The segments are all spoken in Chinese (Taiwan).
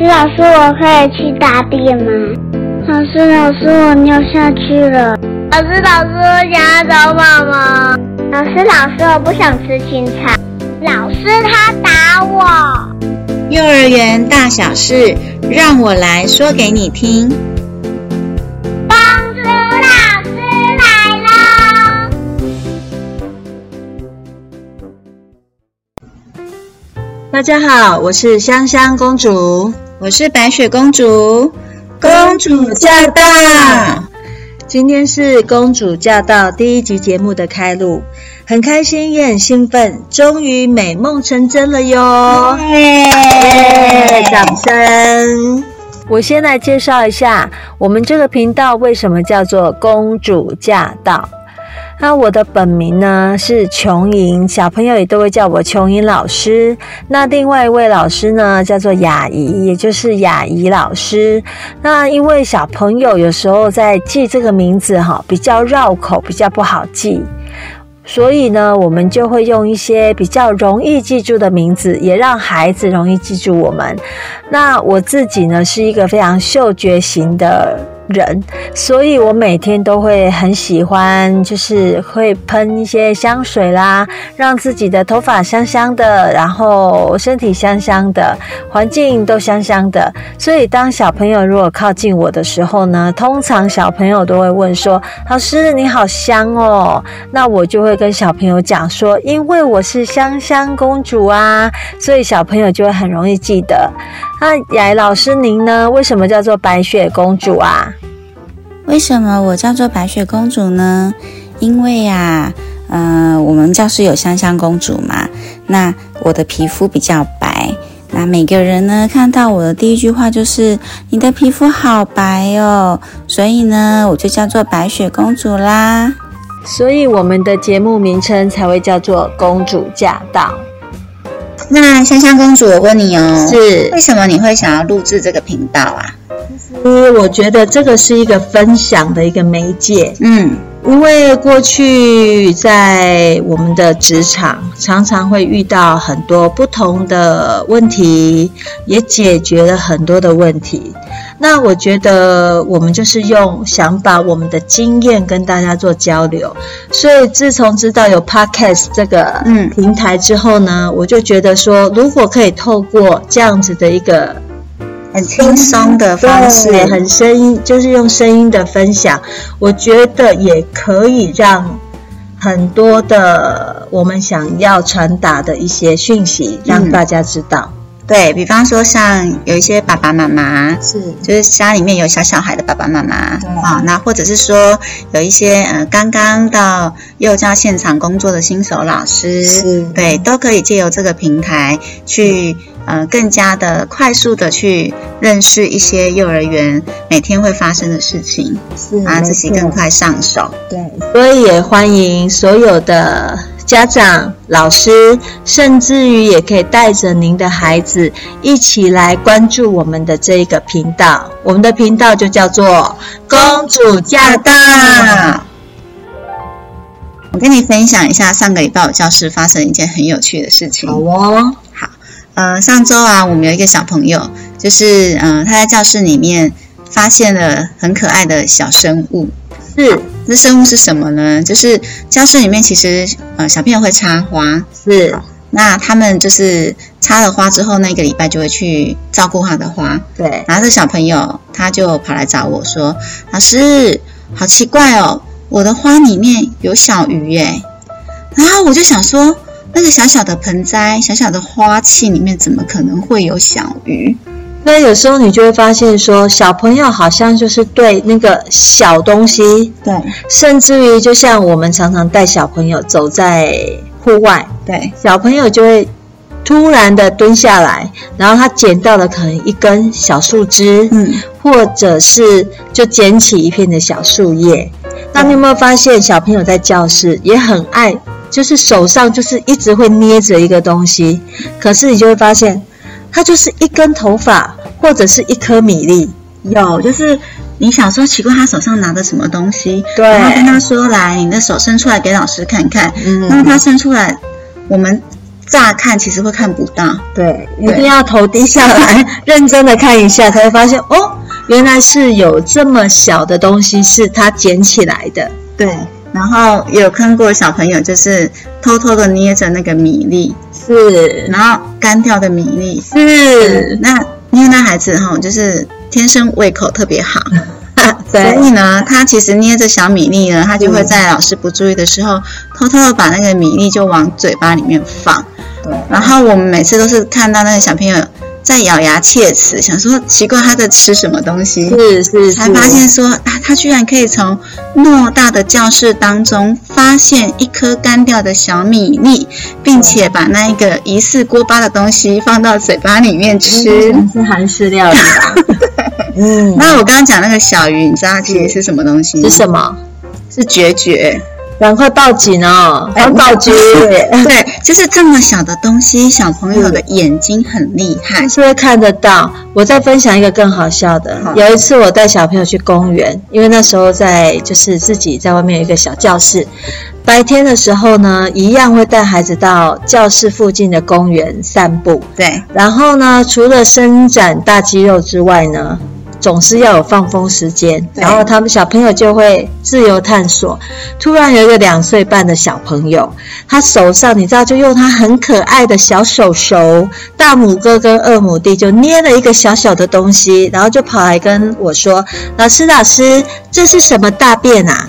老師，老師，我可以去打點嗎？老師，老師，我尿下去了。老師，老師，我想要找媽媽。老師，老師，我不想吃青菜。老師，他打我。幼兒園大小事，讓我來說給你聽。公主老師來嘍！大家好，我是香香公主。我是白雪公主，公主駕到！今天是《公主駕到》第一集節目的開錄，很開心也很興奮，終於美夢成真了喲！耶、yeah！Yeah, 掌聲！我先來介紹一下，我們這個頻道為什麼叫做《公主駕到》。那我的本名呢是瓊瑩，小朋友也都會叫我瓊瑩老師。那另外一位老師呢叫做雅怡，也就是雅怡老師。那因為小朋友有時候在記這個名字哈，比較繞口，比較不好記，所以呢，我們就會用一些比較容易記住的名字，也讓孩子容易記住我們。那我自己呢是一個非常嗅覺型的。人，所以我每天都會很喜歡，就是會噴一些香水啦，讓自己的頭髮香香的，然後身體香香的，環境都香香的。所以當小朋友如果靠近我的時候呢，通常小朋友都會問說：“老師，你好香哦。”那我就會跟小朋友講說：“因為我是香香公主啊，所以小朋友就會很容易記得。”那哎，老師您呢？為什麼叫做白雪公主啊？為什麼我叫做白雪公主呢？因為呀，啊，呃，我們教室有香香公主嘛。那我的皮膚比較白，那每個人呢看到我的第一句話就是“你的皮膚好白哦”，所以呢我就叫做白雪公主啦。所以我們的節目名稱才會叫做“公主駕到”。那香香公主，我問你哦，是為什麼你會想要錄制這個頻道啊？因為我覺得這個是一個分享的一個媒介，嗯，因為過去在我們的職場常常會遇到很多不同的問題，也解決了很多的問題。那我覺得我們就是用想把我們的經驗跟大家做交流，所以自從知道有 Podcast 這個嗯平台之後呢，嗯，我就覺得說，如果可以透過這樣子的一個。很輕鬆的方式，很聲音，就是用聲音的分享，我覺得也可以讓很多的我們想要傳達的一些訊息讓大家知道。嗯、對，比方說，像有一些爸爸媽媽，是就是家裡面有小小孩的爸爸媽媽啊、哦，那或者是說有一些呃剛剛到幼教現場工作的新手老師，是對，都可以借由這個平台去、嗯。呃，更加的快速的去認識一些幼兒園每天會發生的事情，是啊，自己更快上手。對，所以也歡迎所有的家長、老師，甚至於也可以帶着您的孩子一起來關注我們的這一個頻道。我們的頻道就叫做“公主駕到”。哦，我跟你分享一下，上個禮拜我教室發生一件很有趣的事情。好哦。呃，上週啊，我們有一個小朋友，就是嗯、呃，他在教室裡面發現了很可愛的小生物。是，這生物是什麼呢？就是教室裡面其實呃，小朋友會插花。是。那他們就是插了花之後，那個禮拜就會去照顧他的花。對。然後這小朋友他就跑來找我說：“老師，好奇怪哦，我的花裡面有小魚耶。”然後我就想說。那個小小的盆栽，小小的花器裡面怎麼可能會有小魚？那有時候你就會發現說，說小朋友好像就是對那個小東西，對，甚至於就像我們常常帶小朋友走在戶外，對，小朋友就會突然的蹲下來，然後他撿到了可能一根小樹枝，嗯，或者是就撿起一片的小樹葉。嗯、那你有沒有發現，小朋友在教室也很愛？就是手上就是一直會捏着一個東西，可是你就會發現，它就是一根頭髮或者是一顆米粒。有，就是你想說奇怪，他手上拿的什麼東西？對。然後跟他說：“來，你的手伸出來給老師看看。”嗯。那他伸出來，我們乍看其實會看不到。對。對。一定要頭低下來，認真的看一下， 才會發現哦，原來是有這麼小的東西是他撿起來的。對。然後有看過小朋友，就是偷偷的捏着那個米粒，是，然後乾掉的米粒，是。嗯，那因為那孩子哈，就是天生胃口特別好， 對。所以呢，他其實捏着小米粒呢，他就會在老師不注意的時候，偷偷的把那個米粒就往嘴巴裡面放。對。然後我們每次都是看到那個小朋友。在咬牙切齒，想說奇怪，他在吃什麼東西，是是，是，才發現說啊，他居然可以從偌大的教室當中發現一顆乾掉的小米粒，並且把那一個疑似鍋巴的東西放到嘴巴裡面吃，是，還吃掉了。嗯，那我剛剛講那個小魚，你知道它其實是什麼東西嗎？是什麼？是決絕。趕快報警哦！哎、報警對，對，就是這麼小的東西，小朋友的眼睛很厲害，嗯、是不是看得到。我再分享一個更好笑的。好的，有一次我帶小朋友去公園，因為那時候在就是自己在外面有一個小教室，白天的時候呢，一樣會帶孩子到教室附近的公園散步。對，然後呢，除了伸展大肌肉之外呢。總是要有放風時間，然後他們小朋友就會自由探索。突然有一個兩歲半的小朋友，他手上你知道，就用他很可愛的小手手，大拇哥跟二拇弟就捏了一個小小的東西，然後就跑來跟我說：“老師，老師，這是什麼大便啊？”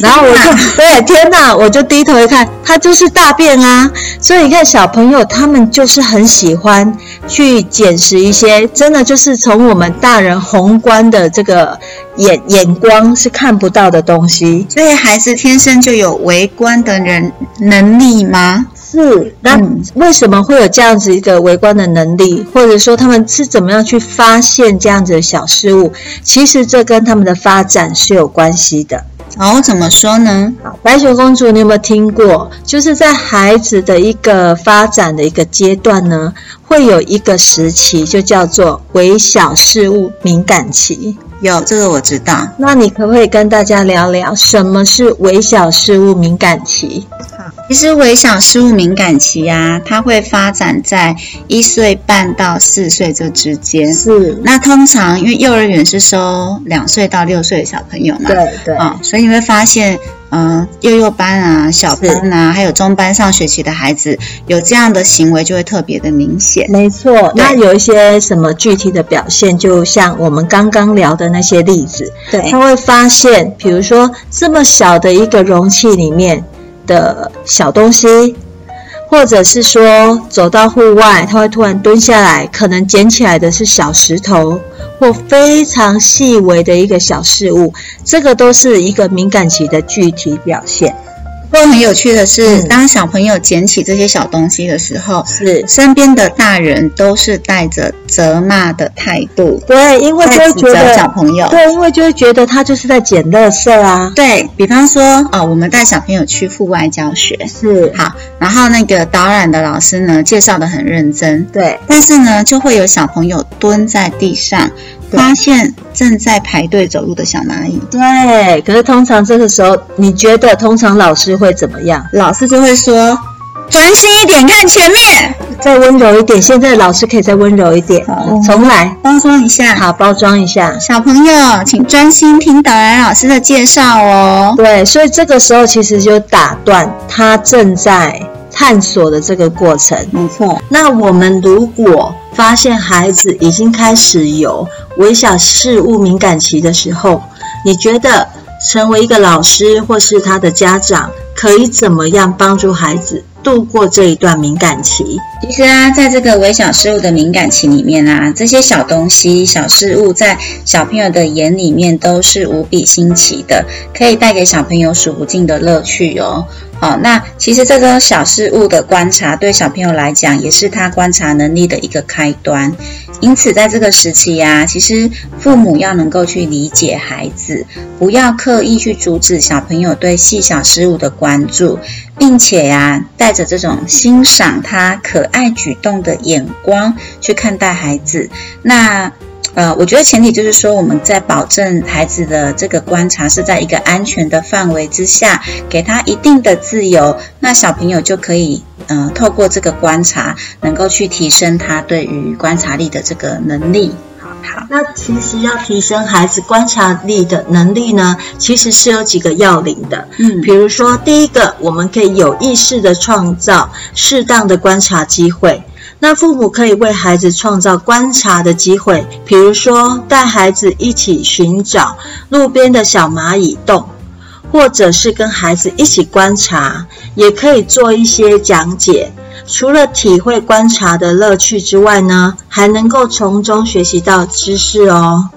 然後我就，天，對，天哪！我就低頭一看，他就是大便啊！所以你看，小朋友他們就是很喜歡去撿拾一些，真的就是從我們大人宏觀的這個眼眼光是看不到的東西。所以孩子天生就有微觀的人能力嗎？是。那為什麼會有這樣子一個微觀的能力，或者說他們是怎麼樣去發現這樣子的小事物？其實這跟他們的發展是有關係的。好，哦，我怎麼說呢？白雪公主，你有沒有聽過？就是在孩子的一個發展的一個階段呢，會有一個時期，就叫做微小事物敏感期。有這個我知道。那你可不可以跟大家聊聊什麼是微小事物敏感期？好。其實回想，事物敏感期啊，它會發展在一歲半到四歲這之，之間。是，那通常因為幼兒園是收兩歲到六歲的小朋友嘛，對對啊、哦，所以你會發現，嗯、呃，幼幼班啊、小班啊，還有中班上學期的孩子有這樣的行為，就會特別的明顯。沒錯，那有一些什麼具體的表現？就像我們剛剛聊的那些例子，對，他會發現，比如說這麼小的一個容器裡面。的小東西，或者是說走到戶外，他會突然蹲下來，可能撿起來的是小石頭或非常細微的一個小事物，這個都是一個敏感期的具體表現。會很有趣的是，嗯、當小朋友撿起這些小東西的時候，是身邊的大人都是帶着責罵的態度，對，因為就會覺得指責小朋友，對，因為就會覺得他就是在撿垃圾啊。對，比方說，哦、我們帶小朋友去戶外教學，是好，然後那個導覽的老師呢，介紹得很認真，對，但是呢，就會有小朋友蹲在地上。發現正在排隊走路的小螞蟻。對，可是通常這個時候，你覺得通常老師會怎麼樣？老師就會說：“專心一點，看前面。”再溫柔一點，現在老師可以再溫柔一點，好，重來，包裝一下。好，包裝一下。小朋友，請專心聽導然老師的介紹哦。對，所以這個時候其實就打斷他正在探索的這個過程。沒錯。那我們如果。發現孩子已經開始有微小事物敏感期的時候，你覺得成為一個老師或是他的家長，可以怎麼樣幫助孩子度過這一段敏感期？其實啊，在這個微小事物的敏感期裡面啊，這些小東西、小事物在小朋友的眼裡面都是無比新奇的，可以帶給小朋友數不盡的樂趣哦。哦，那其實這種小事物的觀察，對小朋友來講也是他觀察能力的一個開端。因此，在這個時期呀，其實父母要能夠去理解孩子，不要刻意去阻止小朋友對細小事物的關注，並且呀，帶着這種欣賞他可愛舉動的眼光去看待孩子。那。呃，我覺得前提就是說，我們在保證孩子的這個觀察是在一個安全的範圍之下，給他一定的自由，那小朋友就可以，呃，透過這個觀察，能夠去提升他對於觀察力的這個能力。那其實要提升孩子觀察力的能力呢，其實是有幾個要領的。嗯，比如說第一個，我們可以有意識地創造適當的觀察機會。那父母可以為孩子創造觀察的機會，比如說帶孩子一起尋找路邊的小螞蟻洞，或者是跟孩子一起觀察，也可以做一些講解。除了體會觀察的樂趣之外呢，還能夠從中學習到知識哦。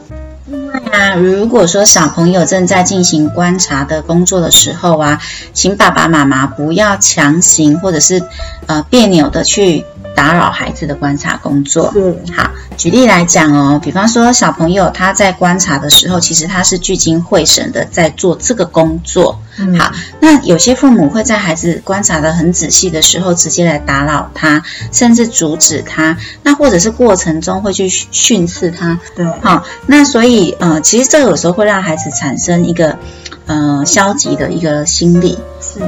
另外啊，如果說小朋友正在進行觀察的工作的時候啊，請爸爸媽媽不要強行或者是，呃，彆扭的去。打擾孩子的觀察工作，嗯，好。舉例來講哦，比方說小朋友他在觀察的時候，其實他是聚精會神的在做這個工作，嗯，好。那有些父母會在孩子觀察得很仔細的時候，直接來打擾他，甚至阻止他，那或者是過程中會去訓斥他，對，好。那所以，嗯、呃，其實這有時候會讓孩子產生一個。呃，消極的一個心理，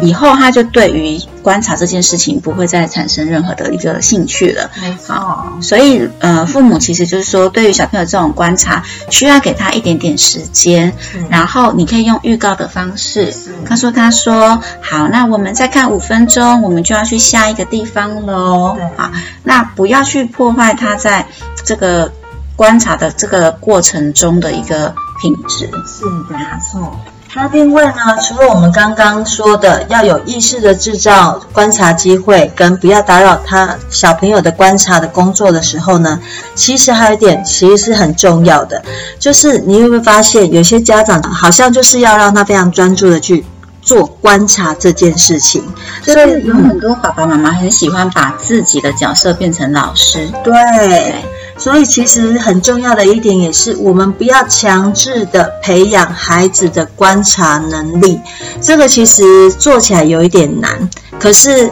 以後他就對於觀察這件事情不會再產生任何的一個興趣了。好，所以呃，父母其實就是說，對於小朋友這種觀察，需要給他一點點時間，然後你可以用預告的方式告訴他說：“好，那我們再看五分鐘，我們就要去下一個地方嘍。”好，那不要去破壞他在這個觀察的這個過程中的一個品質。是的，沒錯。那另外呢，除了我們剛剛說的要有意識的製造觀察機會，跟不要打擾他小朋友的觀察的工作的時候呢，其實還有一點其實是很重要的，就是你會不會發現有些家長好像就是要讓他非常專注的去做觀察這件事情，所以有很多爸爸媽媽很喜歡把自己的角色變成老師，對。對所以，其實很重要的一點也是，我們不要強制的培養孩子的觀察能力。這個其實做起來有一點難，可是。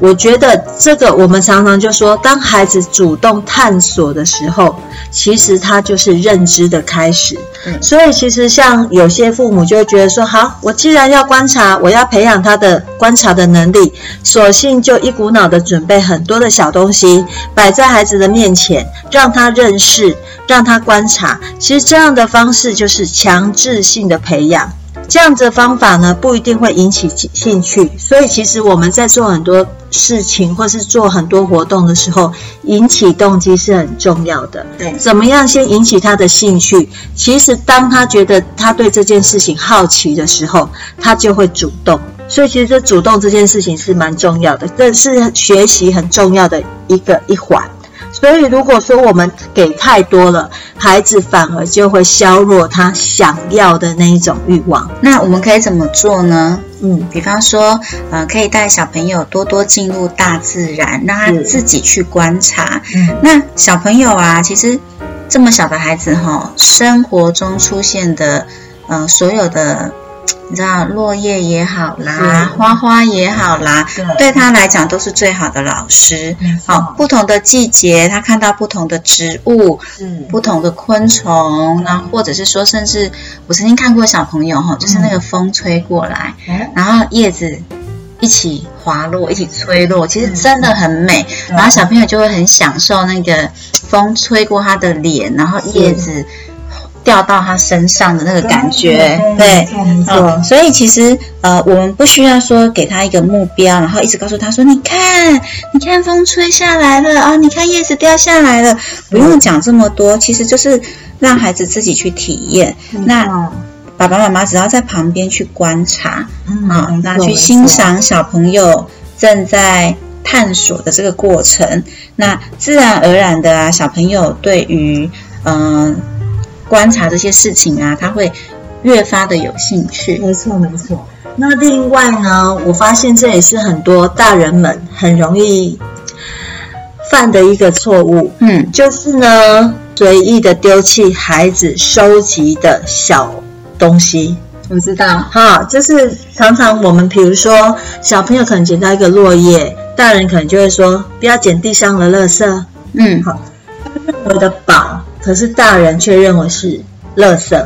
我覺得這個我們常常就說，當孩子主動探索的時候，其實他就是認知的開始。嗯。所以其實像有些父母就會覺得說，好，我既然要觀察，我要培養他的觀察的能力，索性就一股腦的準備很多的小東西擺在孩子的面前，讓他認識，讓他觀察。其實這樣的方式就是強制性的培養。這樣子的方法呢，不一定會引起興趣，所以其實我們在做很多事情，或是做很多活動的時候，引起動機是很重要的。對，怎麼樣先引起他的興趣？其實當他覺得他對這件事情好奇的時候，他就會主動。所以其實這主動這件事情是蠻重要的，這是學習很重要的一個一環。所以，如果說我們給太多了，孩子反而就會削弱他想要的那一種慾望。那我們可以怎麼做呢？嗯，比方說，呃，可以帶小朋友多多進入大自然，讓他自己去觀察。嗯，那小朋友啊，其實這麼小的孩子哈，生活中出現的，呃，所有的。你知道，落葉也好啦、嗯，花花也好啦，嗯、對他來講都是最好的老師。嗯、好，不同的季節，他看到不同的植物，嗯、不同的昆蟲，那、嗯、或者是說，甚至我曾經看過小朋友，哈、嗯，就是那個風吹過來，嗯、然後葉子一起滑落，一起吹落，其實真的很美、嗯。然後小朋友就會很享受那個風吹過他的臉，然後葉子。嗯掉到他身上的那個感覺，對，對對對嗯 Okay. 所以其實呃，我們不需要說給他一個目標，然後一直告訴他說：“你看，你看，風吹下來了啊、哦，你看葉子掉下來了。嗯”不用講這麼多，其實就是讓孩子自己去體驗。嗯、那爸爸媽媽只要在旁邊去觀察，啊、嗯嗯嗯，那去欣賞小朋友正在探索的這個過程，嗯、那自然而然的啊，小朋友對於嗯。呃觀察這些事情啊，他會越發的有興趣。沒錯沒錯。那另外呢，我發現這也是很多大人們很容易犯的一個錯誤。嗯，就是呢，隨意的丟棄孩子收集的小東西。我知道。哈，就是常常我們比如說小朋友可能撿到一個落葉，大人可能就會說不要撿地上的垃圾。嗯，好。我的寶。可是大人卻認為是垃圾，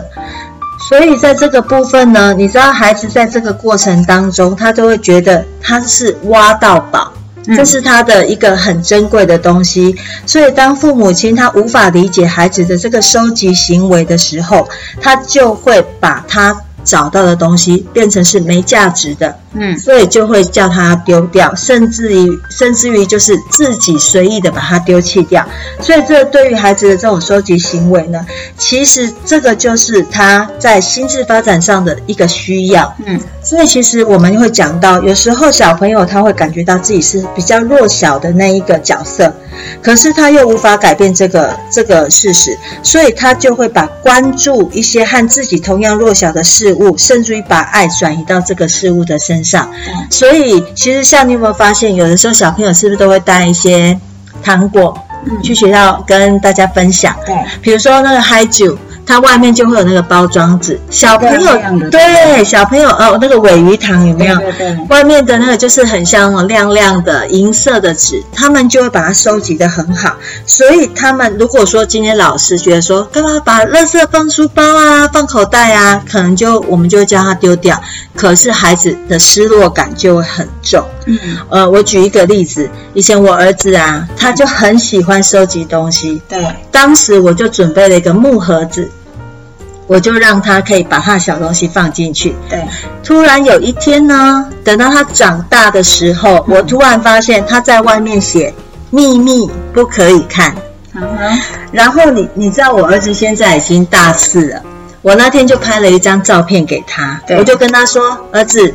所以在這個部分呢，你知道孩子在這個過程當中，他就會覺得他是挖到寶，這是他的一個很珍貴的東西。所以當父母親他無法理解孩子的這個收集行為的時候，他就會把他。找到的東西變成是沒價值的，嗯，所以就會叫他丟掉，甚至於甚至於就是自己隨意的把它丟棄掉。所以這對於孩子的這種收集行為呢，其實這個就是他在心智發展上的一個需要，嗯。所以其實我們會講到，有時候小朋友他會感覺到自己是比較弱小的那一個角色。可是他又無法改變這個這個事實，所以他就會把關注一些和自己同樣弱小的事物，甚至於把愛轉移到這個事物的身上。所以，其實像你有沒有發現，有的時候小朋友是不是都會帶一些糖果、嗯、去學校跟大家分享？對，比如說那個嗨啾。它外面就會有那個包裝紙，小朋友、那個、對小朋友哦，那個尾魚糖有沒有？對，對對。外面的那個就是很像亮亮的銀色的紙，他們就會把它收集得很好。所以他們如果說今天老師覺得說，幹嘛把垃圾放書包啊，放口袋啊，可能就我們就會將它丟掉。可是孩子的失落感就會很重。嗯。呃，我舉一個例子，以前我兒子啊，他就很喜歡收集東西。對、嗯。當時我就準備了一個木盒子。我就讓他可以把他的小東西放進去對。對，突然有一天呢，等到他長大的時候，嗯、我突然發現他在外面寫“秘密不可以看”啊哈。然後你你知道，我兒子現在已經大四了。我那天就拍了一張照片給他對，我就跟他說：“兒子，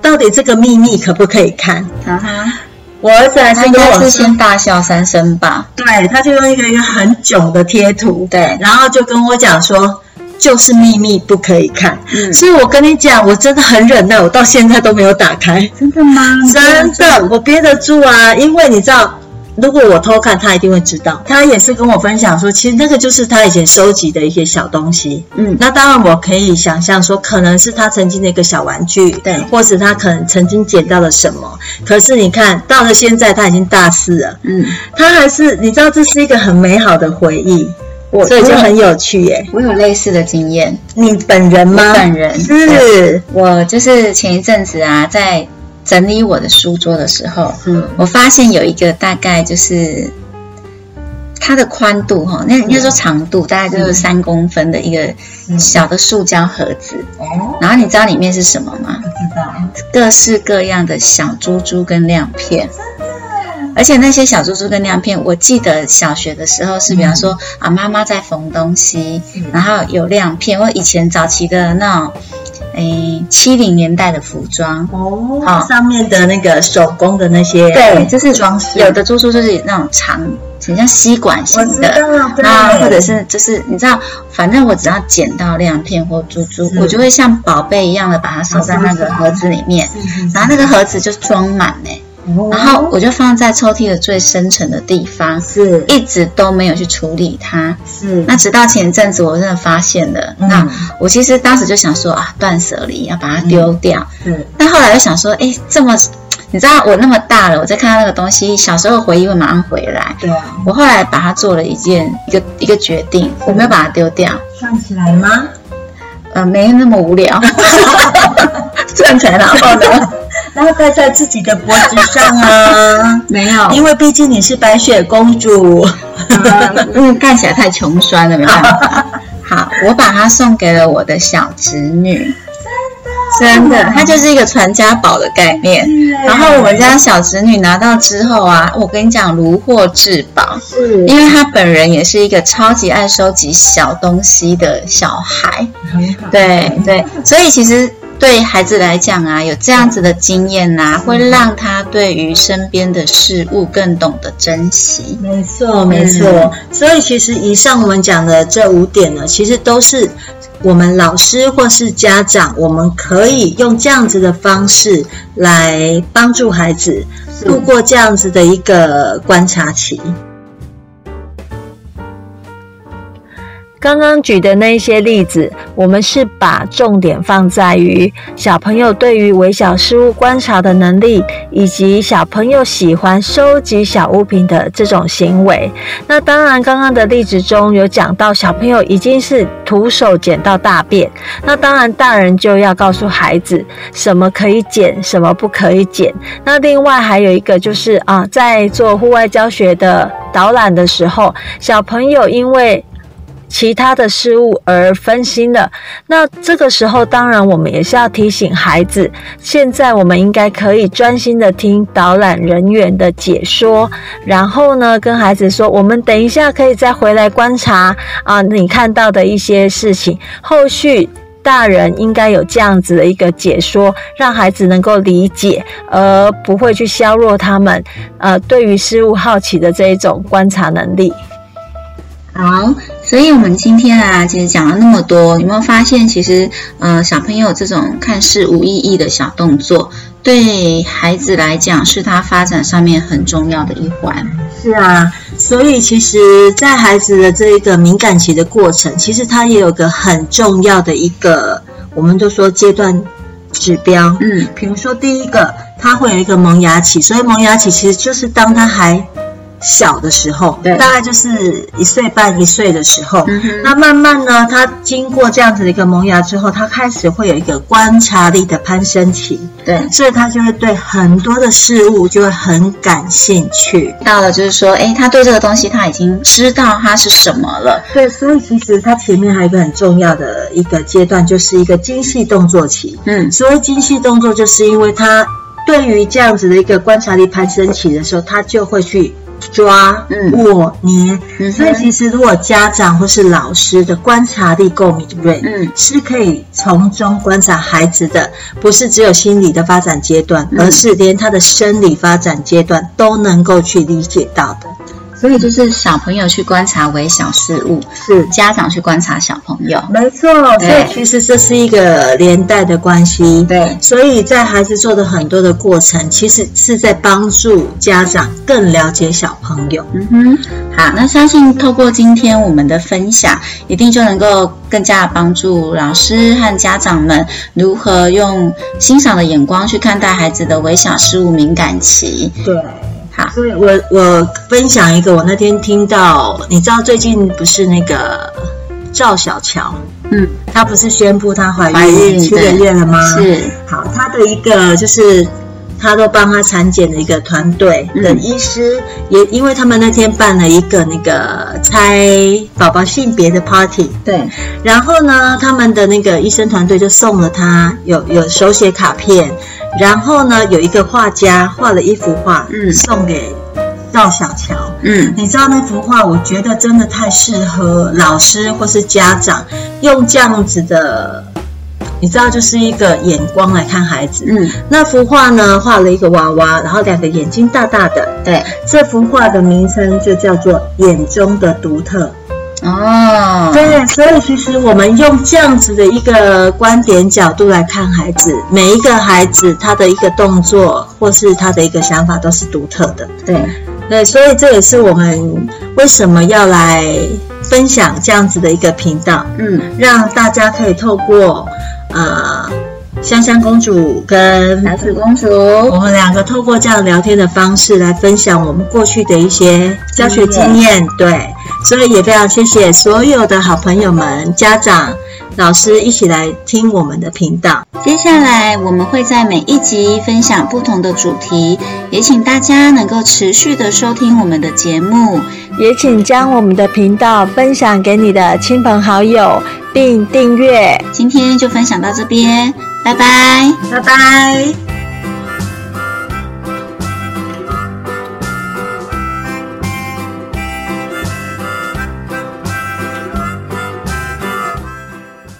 到底這個秘密可不可以看？”啊哈！我兒子應該是先大笑三聲吧、啊。對，他就用一個，一個很囧的貼圖，對、啊，然後就跟我講說。就是祕密不可以看，嗯，所以我跟你講，我真的很忍耐，我到現在都沒有打開。真的嗎？真的，我憋得住啊。因為你知道，如果我偷看，他一定會知道。他也是跟我分享說，其實那個就是他以前收集的一些小東西。嗯，那當然我可以想象說，可能是他曾經的一個小玩具，對，或者他可能曾經撿到了什麼。可是你看到了現在，他已經大四了，嗯，他還是，你知道，這是一個很美好的回憶。所以就很有趣耶、欸！我有類似的經驗。你本人嗎？本人是。我就是前一陣子啊，在整理我的書桌的時候，嗯，我發現有一個大概就是它的寬度哈，那應該說長度大概就是三公分的一個小的塑膠盒子。然後你知道裡面是什麼嗎？不知道。各式各樣的小珠珠跟亮片。而且那些小珠珠跟亮片，我記得小學的時候是，比方說、嗯、啊，媽媽在縫東西，然後有亮片。我以前早期的那種，誒、哎，七零年代的服裝哦、哦，上面的那個手工的那些，嗯、對，就是裝飾有。有的珠珠就是那種長，很像吸管型的，啊或者是就是你知道，反正我只要撿到亮片或珠珠，我就會像寶貝一樣的把它收在那個盒子裡面是是是是，然後那個盒子就裝滿嘞、欸。然後我就放在抽屜的最深層的地方，是，一直都沒有去處理它。是，那直到前陣子我真的發現了，嗯、那我其實當時就想說啊，斷舍離要把它丟掉。嗯，但後來又想說，哎，這麼，你知道我那麼大了，我再看到那個東西，小時候回憶會馬上回來。對、啊。我後來把它做了一件，一個一個決定，我沒有把它丟掉，算起來嗎？呃，沒那麼無聊， 算起來然後呢？ 然後戴在自己的脖子上啊， 沒有，因為畢竟你是白雪公主，嗯， 看起來太窮酸了，沒辦法。 好，我把它送給了我的小侄女 真，真的，它就是一個傳家寶的概念。 然後我們家小侄女拿到之後啊，我跟你講，如獲至寶是，因為她本人也是一個超級愛收集小東西的小孩， 對對，所以其實。對孩子來講啊，有這樣子的經驗呐、啊，會讓他對於身邊的事物更懂得珍惜。沒錯，沒錯、嗯。所以其實以上我們講的這五點呢，其實都是我們老師或是家長，我們可以用這樣子的方式來幫助孩子度過這樣子的一個觀察期。剛剛舉的那一些例子，我們是把重點放在於小朋友對於微小事物觀察的能力，以及小朋友喜歡收集小物品的這種行為。那當然，剛剛的例子中有講到小朋友已經是徒手撿到大便，那當然大人就要告訴孩子什麼可以撿，什麼不可以撿。那另外還有一個就是啊，在做戶外教學的導覽的時候，小朋友因為，其他的事物而分心了。那這個時候，當然我們也是要提醒孩子，現在我們應該可以專心的聽導覽人員的解說，然後呢，跟孩子說，我們等一下可以再回來觀察啊，呃，你看到的一些事情。後續大人應該有這樣子的一個解說，讓孩子能夠理解，而不會去削弱他們呃對於事物好奇的這一種觀察能力。好。所以我們今天啊，其實講了那麼多，有沒有發現，其實，呃，小朋友這種看似無意義的小動作，對孩子來講是他發展上面很重要的一環。是啊，所以其實，在孩子的這一個敏感期的過程，其實他也有個很重要的一個，我們都說階段指標。嗯，比如說第一個，他會有一個萌芽期，所以萌芽期其實就是當他還。小的時候，對，大概就是一歲半一歲的時候，嗯，那慢慢呢，他經過這樣子的一個萌芽之後，他開始會有一個觀察力的攀升期，對，所以他就會對很多的事物就會很感興趣。到了就是說，哎，他對這個東西他已經知道它是什麼了。對，所以其實他前面還有一個很重要的一個階段，就是一個精細動作期。嗯，所謂精細動作就是因為他對於這樣子的一個觀察力攀升期的時候，他就會去。抓我、握、捏，所以其實如果家長或是老師的觀察力夠敏銳，嗯，是可以從中觀察孩子的，不是只有心理的發展階段，而是連他的生理發展階段都能夠去理解到的。所以就是小朋友去觀察微小事物，是家長去觀察小朋友，沒錯。所以其實這是一個連帶的關係。對。所以在孩子做的很多的過程，其實是在幫助家長更了解小朋友。嗯哼。好，那相信透過今天我們的分享，一定就能夠更加幫助老師和家長們如何用欣賞的眼光去看待孩子的微小事物敏感期。對。好，所以我，我我分享一個，我那天聽到，你知道最近不是那個趙小喬，嗯，她不是宣布她懷孕七個月，月了嗎？是。好，她的一個就是，她都幫她產檢的一個團隊的醫師、嗯，也因為他們那天辦了一個那個猜寶寶性別的 party，對。然後呢，他們的那個醫生團隊就送了她有有手寫卡片。然後呢，有一個畫家畫了一幅畫，嗯，送給趙小喬，嗯，你知道那幅畫，我覺得真的太適合老師或是家長用這樣子的，你知道，就是一個眼光來看孩子，嗯，那幅畫呢，畫了一個娃娃，然後兩個眼睛大大的，對，這幅畫的名稱就叫做《眼中的獨特》。哦，oh，對，所以其實我們用這樣子的一個觀點角度來看孩子，每一個孩子他的一個動作或是他的一個想法都是獨特的。對，對，所以這也是我們為什麼要來分享這樣子的一個頻道，嗯，讓大家可以透過呃香香公主跟白雪公主，我們兩個透過這樣聊天的方式來分享我們過去的一些教學經驗，對。所以也非常謝謝所有的好朋友們、家長、老師一起來聽我們的頻道。接下來我們會在每一集分享不同的主題，也請大家能夠持續的收聽我們的節目，也請將我們的頻道分享給你的親朋好友，並訂閱。今天就分享到這邊，拜拜，拜拜。